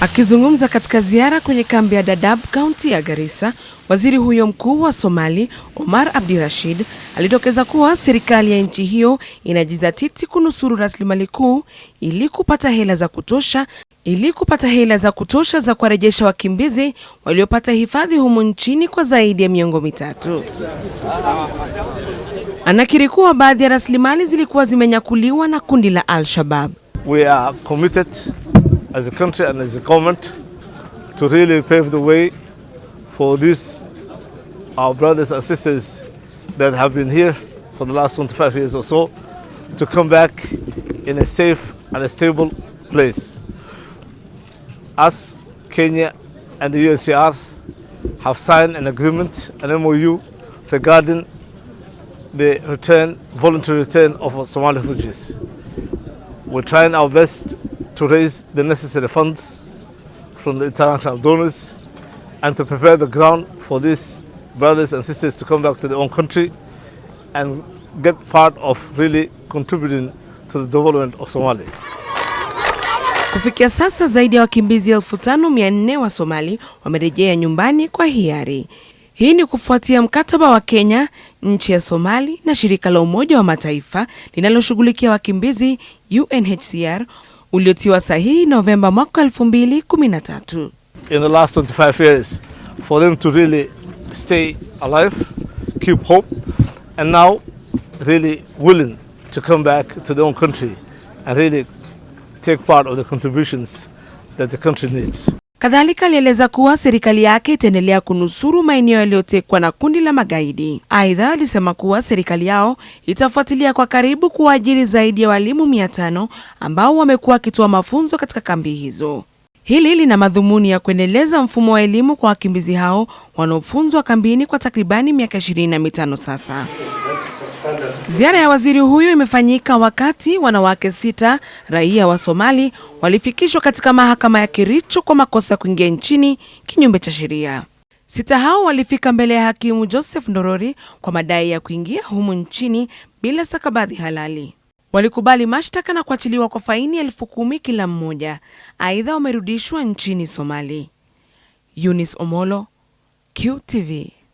Akizungumza katika ziara kwenye kambi ya Dadaab kaunti ya Garissa, waziri huyo mkuu wa Somali Omar Abdi Rashid alidokeza kuwa serikali ya nchi hiyo inajizatiti kunusuru rasilimali kuu ili kupata hela za kutosha ili kupata hela za kutosha za kuwarejesha wakimbizi waliopata hifadhi humu nchini kwa zaidi ya miongo mitatu. Anakiri kuwa baadhi ya rasilimali zilikuwa zimenyakuliwa na kundi la Al-Shabaab. We are committed as a country and as a government to really pave the way for these our brothers and sisters that have been here for the last 25 years or so to come back in a safe and a stable place. As Kenya and the UNCR have signed an agreement, an MOU, regarding the return, voluntary return of Somali refugees. We're trying our best to raise the necessary funds from the international donors and to prepare the ground for these brothers and sisters to come back to their own country and get part of really contributing to the development of Somalia. Kufikia sasa zaidi ya wakimbizi elfu tano mia nne wa Somali wamerejea nyumbani kwa hiari. Hii ni kufuatia mkataba wa Kenya, nchi ya Somali na shirika la Umoja wa Mataifa linaloshughulikia wakimbizi UNHCR uliotiwa sahihi Novemba mwaka 2013. In the last 25 years for them to really stay alive, keep hope and now really willing to come back to their own country and really take part of the contributions that the country needs. Kadhalika alieleza kuwa serikali yake itaendelea kunusuru maeneo yaliyotekwa na kundi la magaidi. Aidha, alisema kuwa serikali yao itafuatilia kwa karibu kuwaajiri zaidi ya walimu mia tano ambao wamekuwa wakitoa mafunzo katika kambi hizo. Hili lina madhumuni ya kuendeleza mfumo wa elimu kwa wakimbizi hao wanaofunzwa kambini kwa takribani miaka ishirini na mitano sasa. Ziara ya waziri huyu imefanyika wakati wanawake sita raia wa Somali walifikishwa katika mahakama ya Kericho kwa makosa ya kuingia nchini kinyume cha sheria. Sita hao walifika mbele ya hakimu Joseph Ndorori kwa madai ya kuingia humu nchini bila stakabadhi halali. Walikubali mashtaka na kuachiliwa kwa faini elfu kumi kila mmoja. Aidha, wamerudishwa nchini Somali. Eunice Omolo, QTV.